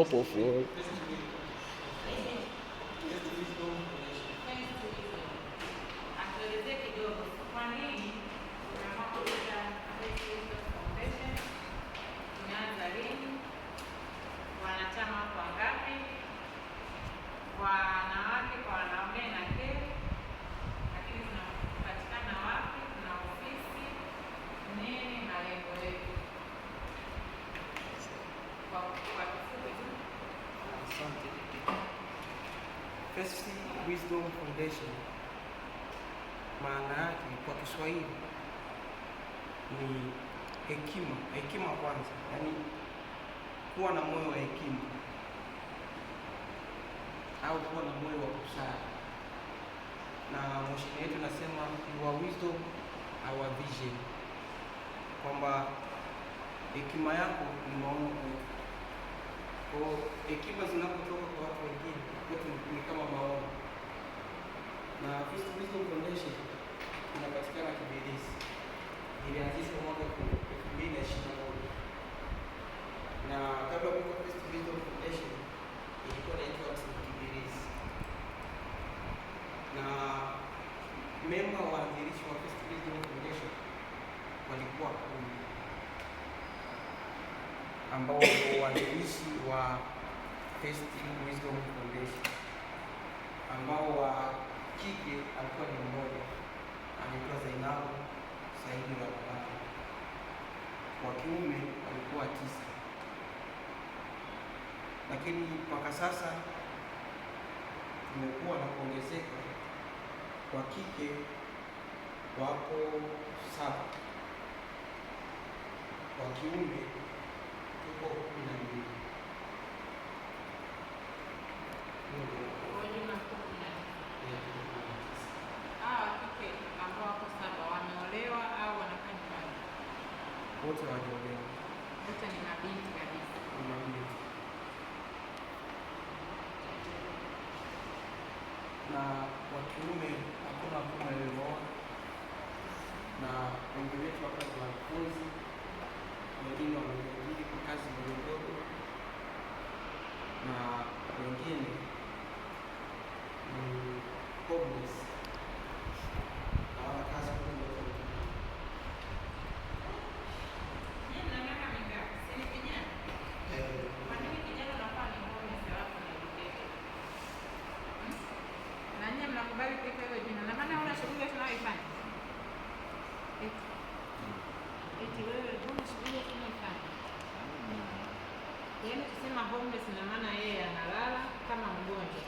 Ou oh, por flor. Mercy Wisdom Foundation maana yake kwa Kiswahili ni hekima, hekima kwanza, yaani kuwa na moyo wa hekima au kuwa na moyo wa busara, na moshini yetu anasema your wisdom our vision, kwamba hekima yako ni maono kwa hekima zinapotoka kwa watu wengine kwetu ni kama maono, na Kristo Wisdom Foundation inapatikana Kibirizi, ilianzishwa mwaka elfu mbili na ishirini na moja na kabla kuwa Kristo Wisdom Foundation ilikuwa inaitwa Kibirizi, na memba waanzilishi wa Kristo Wisdom Foundation walikuwa kumi ambao waanzilishi wa Testi Wisdom Foundation ambao wa kike alikuwa ni mmoja anaitwa Zainabu Saidi wa Babati, wa kiume walikuwa tisa, lakini mpaka sasa tumekuwa na kuongezeka, wa kike wapo saba, wa kiume tuko kumi na mbili. wote hawajaolewa, ni mabinti Na wa kiume hakuna hakuna aliyeoa, na wengi wetu hapa ni wanafunzi, wengine wamejiajiri kwa kazi ndogo ndogo eti eti wewe mbona Yaani kusema homeless ina maana yeye analala kama mgonjwa